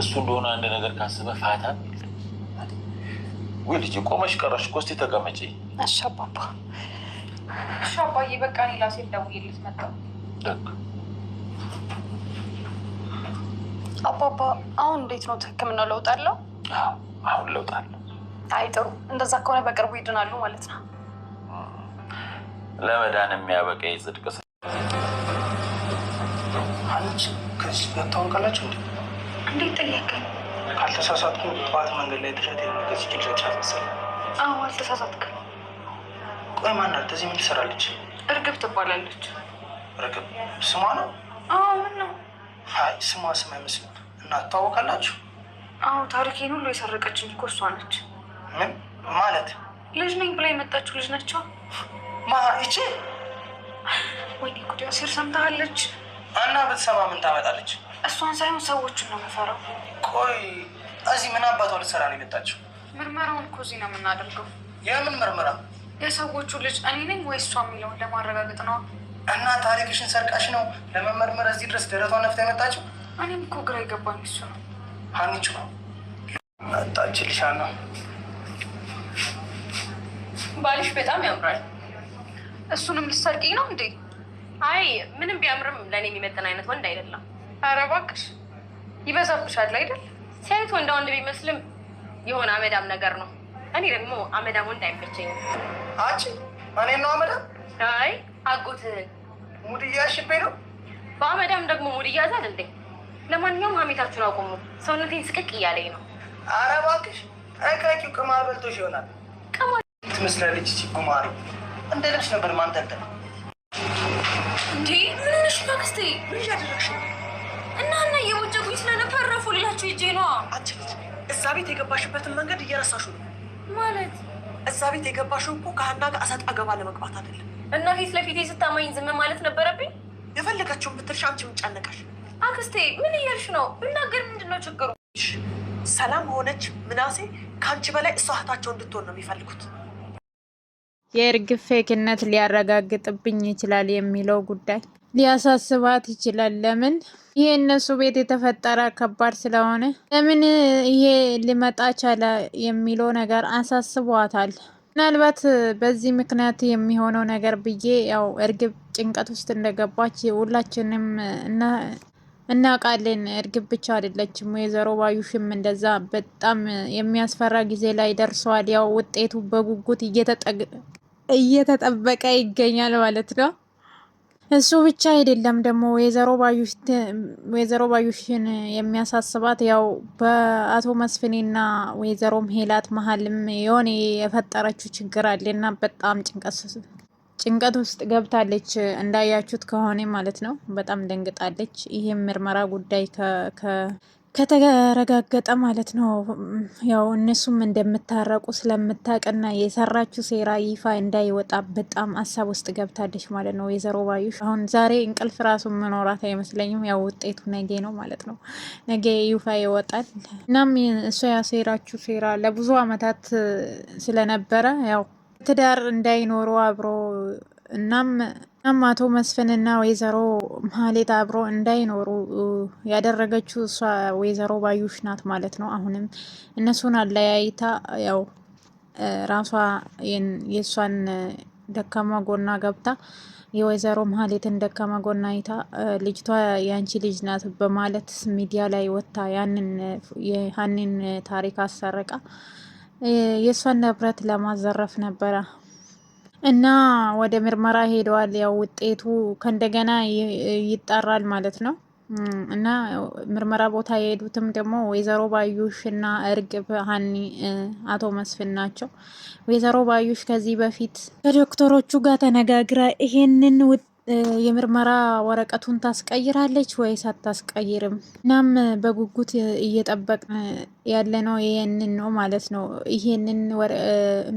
እሱ እንደሆነ አንድ ነገር ካስበ ፋታ ወይ ልጅ ቆመሽ ቀረሽ እኮ እስኪ ተቀመጪ። እሺ አባባ፣ እሺ አባዬ፣ በቃ ሌላ ሴት ደውዬለት መጣሁ። አባባ፣ አሁን እንዴት ነው? ህክምና ለውጥ አለው? አሁን ለውጥ አለው። አይ ጥሩ፣ እንደዛ ከሆነ በቅርቡ ይድናሉ ማለት ነው። ለመዳን የሚያበቃ የጽድቅ ስራ አንቺ ከዚህ ጋር ታወቃላችሁ እንዴ? እንዴት ጠየቀ? ካልተሳሳትኩም ጠዋት መንገድ ላይ ድረት የመገዝ ችል ረጫት መሰለኝ። አዎ አልተሳሳትክም። ቆይ ማናት? እዚህ ምን ትሰራለች? እርግብ ትባላለች። እርግብ ስሟ ነው? አዎ ምን ነው? አይ ስሟ ስም አይመስልም። እናት ታወቃላችሁ? አዎ ታሪኬን ሁሉ የሰረቀችኝ እኮ እሷ ነች። ምን ማለት? ልጅ ነኝ ብላ የመጣችሁ ልጅ ናቸው። ማ ይቺ? ወይኔ ጉዲያ ሲር ሰምታለች። እና ብትሰማ ምን ታመጣለች? እሷን ሳይሆን ሰዎቹን ነው የምፈራው። ቆይ እዚህ ምን አባቷ ልትሰራ ነው የመጣችው? ምርመራውን እኮ እዚህ ነው የምናደርገው። የምን ምርመራ? የሰዎቹ ልጅ እኔ ነኝ ወይ እሷ የሚለውን ለማረጋገጥ ነው። እና ታሪክሽን ሰርቃሽ ነው ለመመርመር እዚህ ድረስ ደረቷን ነፍታ የመጣችው? እኔም እኮ ግራ የገባኝ እሱ ነው። ሀኒቹ ነው መጣች ልሻ ነው። ባልሽ በጣም ያምራል። እሱንም ልሰርቂኝ ነው እንዴ? አይ ምንም ቢያምርም ለእኔ የሚመጥን አይነት ወንድ አይደለም። ኧረ እባክሽ ይበዛብሻል አይደል? ሴት ወንዳ ወንድ ቢመስልም የሆነ አመዳም ነገር ነው። እኔ ደግሞ አመዳም ወንድ አይመቸኝም። አንቺ እኔ ነው አመዳም? አይ አጎትህን ሙድያ ሽቤ ነው። በአመዳም ደግሞ ሙድያ ዛል እንዴ። ለማንኛውም ሀሜታችሁን አቁሙ። ሰውነቴን ስቅቅ እያለኝ ነው። ኧረ እባክሽ ጠንቀቂው፣ ቅማል በልቶሽ ይሆናል። ቅማል ትመስላለች እቺ እንደ ልብስ ነበር ማንጠልጠል እንዴ። ምንሽ ማክስቴ ምን ያደረግሽ? ይዤላችሁ ሂጄ ነዋ። አትችልት። እዛ ቤት የገባሽበትን መንገድ እየረሳሹ ነው ማለት። እዛ ቤት የገባሽው እኮ ከሀና ጋር እሰጥ አገባ ለመግባት አይደለም። እና ፊት ለፊቴ ስታማኝ ዝም ማለት ነበረብኝ? የፈለጋችሁን ብትልሽ አንቺ ምን ጨነቀሽ? አክስቴ ምን እያልሽ ነው? ብናገር ምንድን ነው ችግሩ? ሰላም ሆነች ምናሴ ከአንቺ በላይ እሷ እህታቸው እንድትሆን ነው የሚፈልጉት። የእርግፍ ፌክነት ሊያረጋግጥብኝ ይችላል የሚለው ጉዳይ ሊያሳስባት ይችላል። ለምን ይሄ እነሱ ቤት የተፈጠረ ከባድ ስለሆነ ለምን ይሄ ሊመጣ ቻለ የሚለው ነገር አሳስቧታል። ምናልባት በዚህ ምክንያት የሚሆነው ነገር ብዬ ያው እርግብ ጭንቀት ውስጥ እንደገባች ሁላችንም እናውቃለን። እርግብ ብቻ አይደለችም፣ ወይዘሮ ባዩሽም እንደዛ በጣም የሚያስፈራ ጊዜ ላይ ደርሰዋል። ያው ውጤቱ በጉጉት እየተጠበቀ ይገኛል ማለት ነው። እሱ ብቻ አይደለም ደግሞ ወይዘሮ ባዩሽን የሚያሳስባት ያው በአቶ መስፍኔና ወይዘሮ ሄላት መሀልም የሆነ የፈጠረችው ችግር አለና በጣም ጭንቀት ውስጥ ገብታለች። እንዳያችሁት ከሆነ ማለት ነው በጣም ደንግጣለች። ይህም ምርመራ ጉዳይ ከተረጋገጠ ማለት ነው ያው እነሱም እንደምታረቁ ስለምታቅና የሰራችው ሴራ ይፋ እንዳይወጣ በጣም ሀሳብ ውስጥ ገብታለች ማለት ነው ወይዘሮ ባዩሽ። አሁን ዛሬ እንቅልፍ ራሱ መኖራት አይመስለኝም። ያው ውጤቱ ነገ ነው ማለት ነው፣ ነገ ይፋ ይወጣል። እናም እሷ ያሴራችሁ ሴራ ለብዙ አመታት ስለነበረ ያው ትዳር እንዳይኖሩ አብሮ እናም እናም አቶ መስፍንና ወይዘሮ ማህሌት አብሮ እንዳይኖሩ ያደረገችው እሷ ወይዘሮ ባዩሽ ናት ማለት ነው። አሁንም እነሱን አለያይታ ያው ራሷ የእሷን ደካማ ጎና ገብታ የወይዘሮ ማህሌትን ደካማ ጎና አይታ ልጅቷ የአንቺ ልጅ ናት በማለት ሚዲያ ላይ ወጥታ ያንን የሀኒን ታሪክ አሰረቃ የእሷን ንብረት ለማዘረፍ ነበረ እና ወደ ምርመራ ሄደዋል። ያው ውጤቱ ከእንደገና ይጣራል ማለት ነው። እና ምርመራ ቦታ የሄዱትም ደግሞ ወይዘሮ ባዩሽ እና እርግብ ሀኒ አቶ መስፍን ናቸው። ወይዘሮ ባዩሽ ከዚህ በፊት ከዶክተሮቹ ጋር ተነጋግራ ይሄንን የምርመራ ወረቀቱን ታስቀይራለች ወይስ አታስቀይርም? እናም በጉጉት እየጠበቅ ያለ ነው። ይሄንን ነው ማለት ነው። ይሄንን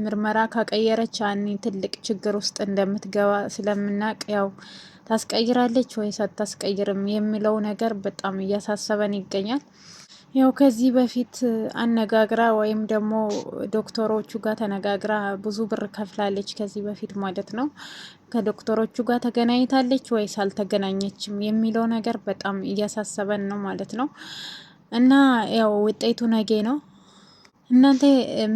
ምርመራ ካቀየረች አኒ ትልቅ ችግር ውስጥ እንደምትገባ ስለምናቅ ያው ታስቀይራለች ወይስ አታስቀይርም የሚለው ነገር በጣም እያሳሰበን ይገኛል። ያው ከዚህ በፊት አነጋግራ ወይም ደግሞ ዶክተሮቹ ጋር ተነጋግራ ብዙ ብር ከፍላለች ከዚህ በፊት ማለት ነው። ከዶክተሮቹ ጋር ተገናኝታለች ወይስ አልተገናኘችም የሚለው ነገር በጣም እያሳሰበን ነው ማለት ነው። እና ያው ውጤቱ ነገ ነው። እናንተ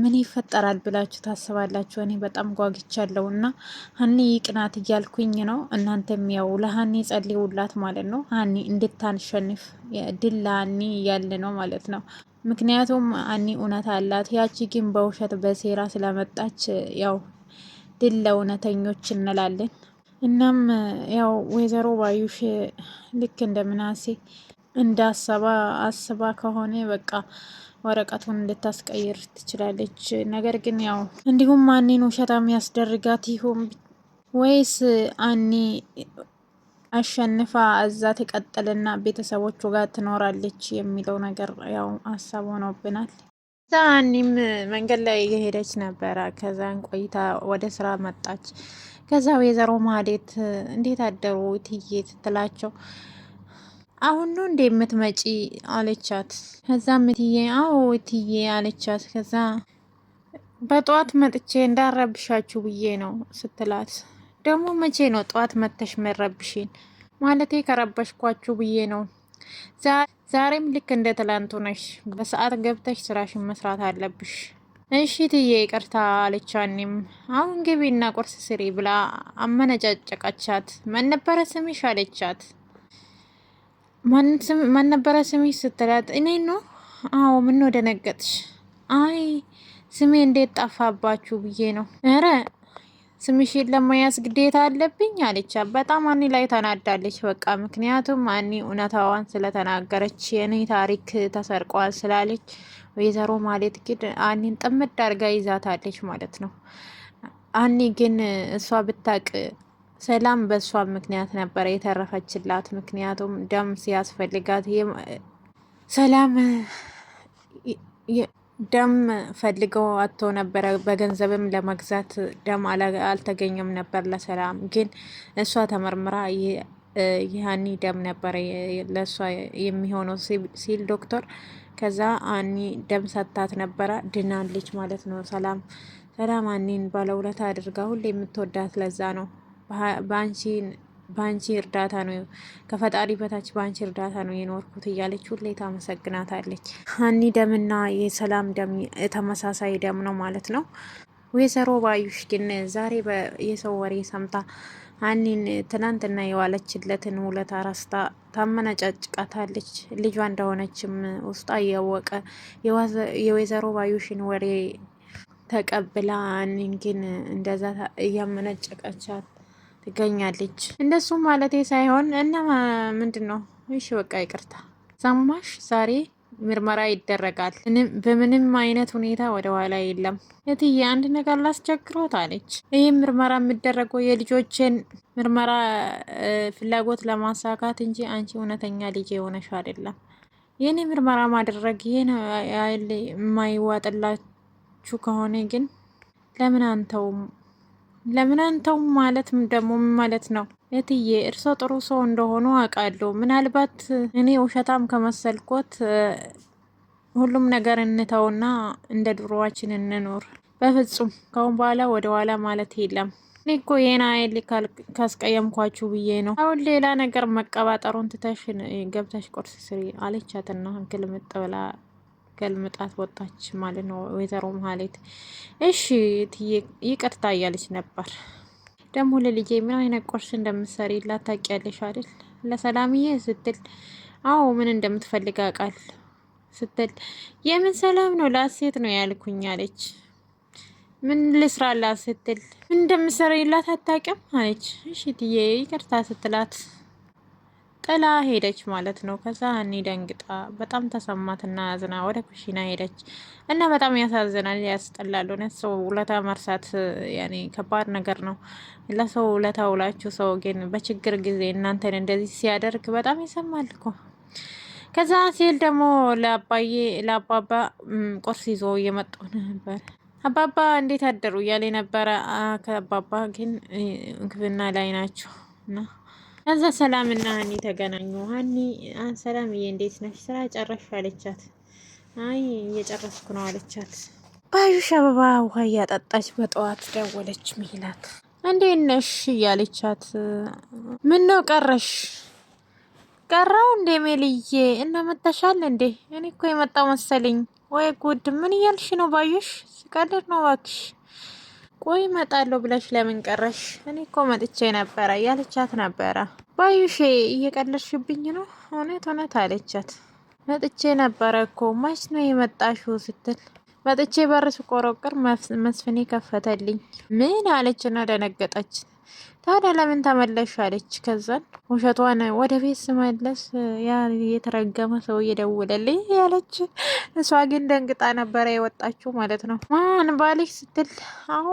ምን ይፈጠራል ብላችሁ ታስባላችሁ? እኔ በጣም ጓግቻለሁ እና ሀኒ ይቅናት እያልኩኝ ነው። እናንተም ያው ለሀኒ ጸልዩላት ማለት ነው። ሀኒ እንድታንሸንፍ ድል ለሀኒ እያለ ነው ማለት ነው። ምክንያቱም ሀኒ እውነት አላት። ያቺ ግን በውሸት በሴራ ስለመጣች ያው ድል ለእውነተኞች እንላለን። እናም ያው ወይዘሮ ባዩሽ ልክ እንደ ምናሴ እንደ አሰባ አስባ ከሆነ በቃ ወረቀቱን ልታስቀይር ትችላለች። ነገር ግን ያው እንዲሁም ማኔን ውሸታም ያስደርጋት ይሁን ወይስ አኔ አሸንፋ እዛ ትቀጥልና ቤተሰቦቹ ጋር ትኖራለች የሚለው ነገር ያው ሀሳብ ሆኖብናል። ዛኒም መንገድ ላይ እየሄደች ነበረ። ከዛን ቆይታ ወደ ስራ መጣች። ከዛ ወይዘሮ ማዴት እንዴት አደሩ ትዬ ስትላቸው አሁን ነው እንዴ የምትመጪ አለቻት። ከዛ ምትዬ አዎ ትዬ አለቻት። ከዛ በጠዋት መጥቼ እንዳረብሻችሁ ብዬ ነው ስትላት፣ ደግሞ መቼ ነው ጠዋት መተሽ መረብሽን? ማለቴ ከረበሽኳችሁ ብዬ ነው ዛሬም ልክ እንደ ትላንቱ ነሽ። በሰዓት ገብተሽ ስራሽን መስራት አለብሽ። እሺ ትዬ ይቅርታ አለቻኒም። አሁን ግቢና ቁርስ ስሪ ብላ አመነጫጨቃቻት። መነበረ ስሚሽ አለቻት። መነበረ ስሚሽ ስትላት እኔ ነው። አዎ ምን ወደነገጥሽ? አይ ስሜ እንዴት ጠፋባችሁ ብዬ ነው። ኧረ ስምሽን ለመያዝ ግዴታ አለብኝ አለቻ። በጣም አኒ ላይ ተናዳለች። በቃ ምክንያቱም አኒ እውነታዋን ስለተናገረች የኔ ታሪክ ተሰርቋል ስላለች ወይዘሮ ማለት ግን አኒን ጥምድ አድርጋ ይዛታለች ማለት ነው። አኒ ግን እሷ ብታቅ ሰላም በእሷ ምክንያት ነበረ የተረፈችላት። ምክንያቱም ደም ሲያስፈልጋት ሰላም ደም ፈልገው አቶ ነበረ። በገንዘብም ለመግዛት ደም አልተገኘም ነበር ለሰላም ግን እሷ ተመርምራ ይህኒ ደም ነበረ ለእሷ የሚሆነው ሲል ዶክተር ከዛ አኒ ደም ሰታት ነበረ። ድናለች ማለት ነው ሰላም። ሰላም አኒን ባለውለታ አድርጋ ሁሌ የምትወዳት ለዛ ነው በአንቺ በአንቺ እርዳታ ነው ከፈጣሪ በታች በአንቺ እርዳታ ነው የኖርኩት እያለች ሁሌ ታመሰግናታለች። ሀኒ ደምና የሰላም ደም ተመሳሳይ ደም ነው ማለት ነው። ወይዘሮ ባዩሽ ግን ዛሬ የሰው ወሬ ሰምታ ሀኒን ትናንትና የዋለችለትን ውለታ ረስታ ታመነጫጭቃታለች። ልጇ እንደሆነችም ውስጣ እያወቀ የወይዘሮ ባዩሽን ወሬ ተቀብላ ሀኒን ግን እንደዛ እያመነጨቀቻት ትገኛለች። እንደሱ ማለቴ ሳይሆን እና ምንድን ነው እሺ በቃ ይቅርታ ሰማሽ፣ ዛሬ ምርመራ ይደረጋል። በምንም አይነት ሁኔታ ወደ ኋላ የለም። እትዬ አንድ ነገር ላስቸግሮት አለች። ይህም ምርመራ የሚደረገው የልጆችን ምርመራ ፍላጎት ለማሳካት እንጂ አንቺ እውነተኛ ልጅ የሆነሽ አይደለም። ይህን ምርመራ ማድረግ ይህን የማይዋጥላችሁ ከሆነ ግን ለምን አንተውም ለምን አንተው ማለት ደግሞ ማለት ነው እትዬ እርሶ ጥሩ ሰው እንደሆኑ አውቃለሁ። ምናልባት እኔ ውሸታም ከመሰልኮት ሁሉም ነገር እንተውና እንደ ድሮዋችን እንኖር። በፍጹም ከአሁን በኋላ ወደ ኋላ ማለት የለም። እኔ እኮ ይሄን ካስቀየምኳችሁ ብዬ ነው። አሁን ሌላ ነገር መቀባጠሩን ትተሽ ገብተሽ ቁርስ ስሪ አለቻትና እንክል ብላ ገልምጣት ወጣች ማለት ነው ወይዘሮ መሀሌት። እሺ ይቅርታ እያለች ነበር። ደግሞ ለልጄ ምን አይነት ቁርስ እንደምትሰሪ ላታውቂያለሽ አይደል? ለሰላምዬ ስትል አዎ ምን እንደምትፈልግ አውቃል ስትል የምን ሰላም ነው ላሴት ነው ያልኩኝ አለች። ምን ልስራላት ስትል ምን እንደምትሰሪላት አታውቂም አለች። እሺ ትዬ ይቅርታ ስትላት ጥላ ሄደች ማለት ነው። ከዛ ሀኒ ደንግጣ በጣም ተሰማትና አዝና ወደ ኩሽና ሄደች እና በጣም ያሳዝናል፣ ያስጠላል። እውነት ሰው ውለታ መርሳት ያኔ ከባድ ነገር ነው። ለሰው ውለታ ውላችሁ ሰው ግን በችግር ጊዜ እናንተን እንደዚህ ሲያደርግ በጣም ይሰማል እኮ። ከዛ ሲል ደግሞ ለአባዬ ለአባባ ቁርስ ይዞ እየመጡ ነበር። አባባ እንዴት አደሩ እያለ ነበረ። ከአባባ ግን እንክብና ላይ ናቸው እና ከዛ ሰላም እና ሀኒ ተገናኙ። ሀኒ ሰላምዬ እንዴት ነሽ? ስራ ጨረሽ አለቻት። አይ እየጨረስኩ ነው አለቻት። ባዩሽ አበባ ውሃ እያጠጣች በጠዋት ደወለች ሚላት እንዴት ነሽ እያለቻት፣ ምን ነው ቀረሽ? ቀራው እንዴ ሜልዬ እና እንዴ? እኔ እኮ የመጣው መሰለኝ። ወይ ጉድ! ምን እያልሽ ነው ባዩሽ? ስቀልድ ነው እባክሽ ቆይ እመጣለሁ ብለሽ ለምን ቀረሽ? እኔ እኮ መጥቼ ነበረ ያለቻት ነበረ። ባዩሼ እየቀለድሽብኝ ነው? እውነት እውነት አለቻት። መጥቼ ነበረ እኮ መች ነው የመጣሽው ስትል መጥቼ በር ስቆረቅር መስፍኔ ከፈተልኝ። ምን አለችና ደነገጠች። ታዲያ ለምን ተመለሽ አለች። ከዛን ውሸቷን ወደ ቤት ስመለስ ያ የተረገመ ሰው እየደውለልኝ ያለች። እሷ ግን ደንግጣ ነበረ የወጣችው ማለት ነው። ማን ባልሽ ስትል አሁ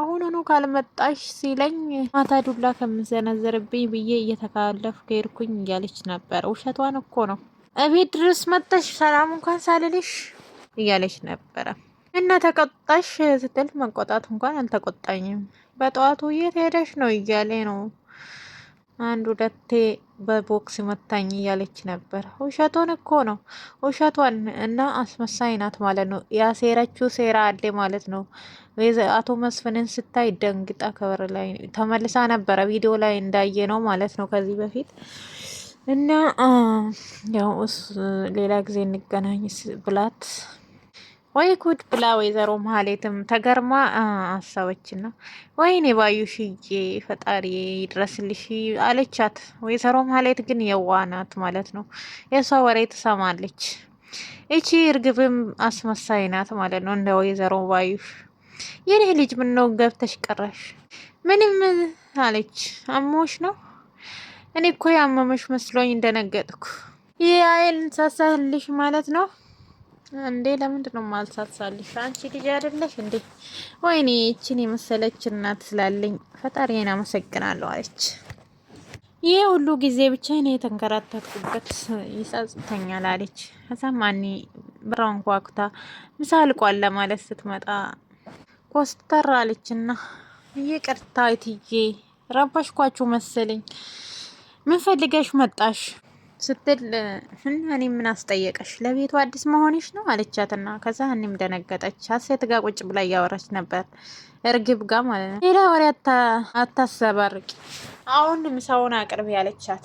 አሁኑኑ ካልመጣሽ ሲለኝ ማታ ዱላ ከምዘነዘርብኝ ብዬ እየተካለፍ ከሄድኩኝ እያለች ነበረ። ውሸቷን እኮ ነው። እቤት ድረስ መጠሽ ሰላም እንኳን ሳልልሽ እያለች ነበረ። እና ተቆጣሽ ስትል መቆጣት እንኳን አልተቆጣኝም፣ በጠዋቱ የት ሄደሽ ነው እያለ ነው። አንድ ሁለቴ በቦክስ መታኝ እያለች ነበር። ውሸቱን እኮ ነው ውሸቷን እና አስመሳይ ናት ማለት ነው። ያሴረችው ሴራ አለ ማለት ነው። አቶ መስፍንን ስታይ ደንግጣ ከበር ላይ ተመልሳ ነበረ። ቪዲዮ ላይ እንዳየ ነው ማለት ነው ከዚህ በፊት እና ያው ሌላ ጊዜ እንገናኝ ብላት ወይ ጉድ ብላ ወይዘሮ መሀሌትም ተገርማ ኔ ወይኔ ባዩሽዬ ፈጣሪ ይድረስልሽ አለቻት። ወይዘሮ መሀሌት ግን የዋ ናት ማለት ነው። የእሷ ወሬ ትሰማለች። እቺ እርግብም አስመሳይ ናት ማለት ነው። እንደ ወይዘሮ ባዩሽ የኔ ልጅ ምነው ገብተሽ ቀረሽ? ምንም አለች። አሞሽ ነው? እኔ እኮ ያመመሽ መስሎኝ እንደነገጥኩ ይህ አይል ሳሳልሽ ማለት ነው እንዴ ለምንድን ነው ማልሳልሳልሽ? አንቺ ልጅ አይደለሽ እንዴ? ወይኔ እቺን የመሰለች እናት ስላለኝ ፈጣሪዬን አመሰግናለሁ አለች። ይሄ ሁሉ ጊዜ ብቻዬን የተንከራተትኩበት ይጸጽተኛል አለች። ከዛም ማኒ ብራውን ኳኩታ ምሳ አልቋል ለማለት ስትመጣ ኮስተር አለችና ይቅርታ እትዬ ረባሽኳችሁ መሰለኝ ምን ፈልገሽ መጣሽ? ስትል እና እኔ ምን አስጠየቀሽ ለቤቱ አዲስ መሆንሽ ነው አለቻትና ከዛ እኔም ደነገጠች። ሀሴት ጋር ቁጭ ብላ እያወራች ነበር እርግብ ጋር ማለት ነው። ሌላ ወሬ አታሰባርቂ፣ አሁን ምሳውን አቅርቢ ያለቻት።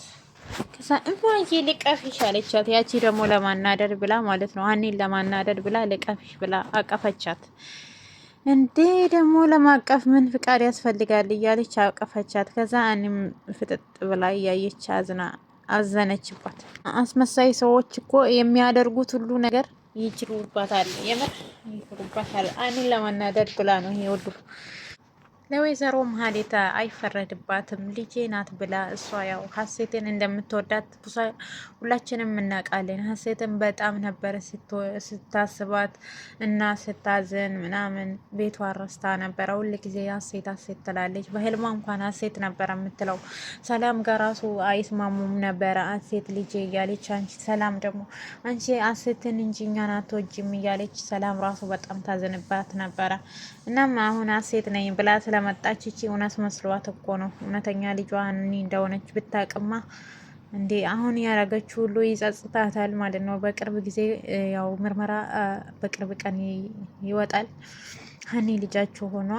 ከዛ እማዬ ልቀፍሽ አለቻት። ያቺ ደግሞ ለማናደድ ብላ ማለት ነው እኔን ለማናደድ ብላ ልቀፍሽ ብላ አቀፈቻት። እንዴ ደግሞ ለማቀፍ ምን ፍቃድ ያስፈልጋል እያለች አቀፈቻት። ከዛ እኔም ፍጥጥ ብላ እያየች አዝና አዘነችባት። አስመሳይ ሰዎች እኮ የሚያደርጉት ሁሉ ነገር ይችሉባታል፣ የምር ይችሉባታል። እኔን ለማናደድ ብላ ነው ይሄ ሁሉ ለወይዘሮ መሀሌት አይፈረድባትም ልጄ ናት ብላ እሷ ያው ሀሴትን እንደምትወዳት ሁላችንም እናውቃለን። ሀሴትን በጣም ነበረ ስታስባት እና ስታዝን ምናምን ቤቷ አረስታ ነበረ። ሁል ጊዜ ሀሴት ሀሴት ትላለች። በህልማ እንኳን ሀሴት ነበረ የምትለው። ሰላም ጋር ራሱ አይስማሙም ነበረ ሀሴት ልጄ እያለች አንቺ ሰላም ደግሞ አንቺ ሀሴትን እንጂ እኛን አትወጂም እያለች ሰላም ራሱ በጣም ታዝንባት ነበረ። እናም አሁን ሀሴት ነኝ ብላ ስለ ስለመጣች ይቺ እውነት መስሏት እኮ ነው። እውነተኛ ልጇ እኔ እንደሆነች ብታቅማ እንዴ አሁን ያረገች ሁሉ ይጸጽታታል ማለት ነው። በቅርብ ጊዜ ያው ምርመራ በቅርብ ቀን ይወጣል። ሀኒ ልጃችሁ ሆኗ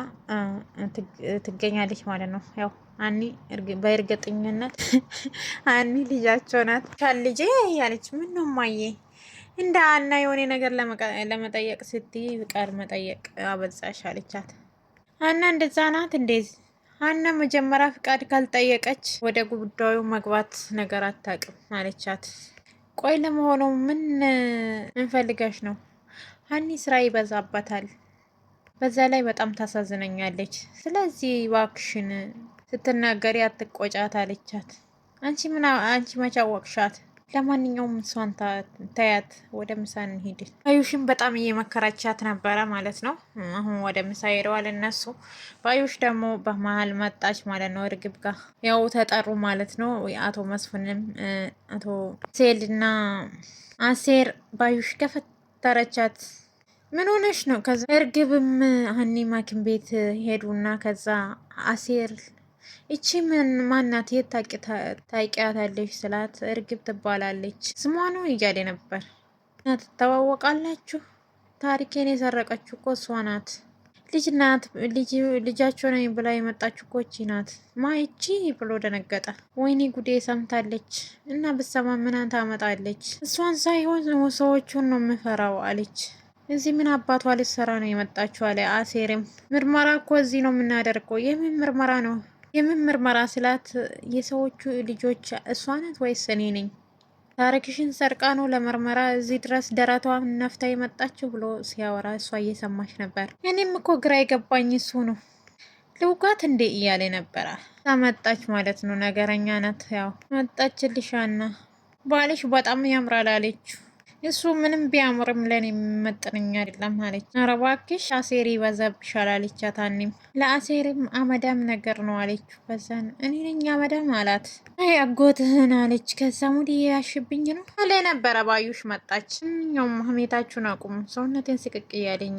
ትገኛለች ማለት ነው። ያው ሀኒ በእርግጠኝነት ሀኒ ልጃቸው ናት። ልጄ ያለች ምን ነው ማየ እንደ አና የሆነ ነገር ለመጠየቅ ስትይ ቃል መጠየቅ አበዛሽ አለቻት። ሀና እንደዛ ናት እንዴ? ሀና መጀመሪያ ፍቃድ ካልጠየቀች ወደ ጉዳዩ መግባት ነገር አታውቅም አለቻት። ቆይ ለመሆኑ ምን እንፈልጋሽ ነው? ሀኒ ስራ ይበዛባታል፣ በዛ ላይ በጣም ታሳዝነኛለች። ስለዚህ ዋክሽን ስትናገሪ አትቆጫት አለቻት። አንቺ ምን አንቺ መቻ ወቅሻት ለማንኛውም እሷን ተያት፣ ወደ ምሳ እንሂድ። ባዩሽን በጣም እየመከረቻት ነበረ ማለት ነው። አሁን ወደ ምሳ ሄደዋል እነሱ። ባዩሽ ደግሞ በመሀል መጣች ማለት ነው። እርግብ ጋር ያው ተጠሩ ማለት ነው። አቶ መስፍንም አቶ ሴልና አሴር ባዩሽ ከፈተረቻት ምን ሆነሽ ነው? ከዛ እርግብም ሀኒ ማኪም ቤት ሄዱና ከዛ አሴር እቺ ምን ማናት? የት ታውቂያታለሽ ስላት እርግብ ትባላለች ስሟ ነው እያለ ነበር። ትተዋወቃላችሁ። ታሪኬን የሰረቀችው እኮ እሷ ናት። ልጅ ናት ልጃቸው ነኝ ብላ የመጣችው እኮ እቺ ናት። ማ እቺ ብሎ ደነገጠ። ወይኔ ጉዴ ሰምታለች እና ብሰማ ምን ታመጣለች? እሷን ሳይሆን ሰዎቹን ነው የምፈራው አለች። እዚህ ምን አባቷ ልትሰራ ነው የመጣችው አለ አሴርም። ምርመራ እኮ እዚህ ነው የምናደርገው። የምን ምርመራ ነው የምን ምርመራ ስላት የሰዎቹ ልጆች እሷ ናት ወይስ እኔ ነኝ? ታሪክሽን ሰርቃ ነው ለምርመራ እዚህ ድረስ ደረቷን ነፍታ የመጣችው ብሎ ሲያወራ እሷ እየሰማች ነበር። እኔም እኮ ግራ የገባኝ እሱ ነው ልውጋት እንዴ እያለ ነበረ። መጣች ማለት ነው ነገረኛ ናት። ያው መጣችልሻና ባልሽ በጣም ያምራል አለችው። እሱ ምንም ቢያምርም ለኔ መጠነኛ አይደለም አለች። ኧረ እባክሽ አሴሪ ይበዛብሻል አለቻት። አኒም ለአሴሪም አመዳም ነገር ነው አለች። በዛን እኔ ነኝ አመዳም አላት። አይ አጎትህን አለች። ከዛ ሙድ ያሽብኝ ነው አለ ነበረ። ባዩሽ መጣች። እኛውም ሀሜታችሁን አቁሙ፣ ሰውነቴን ስቅቅ እያለኝ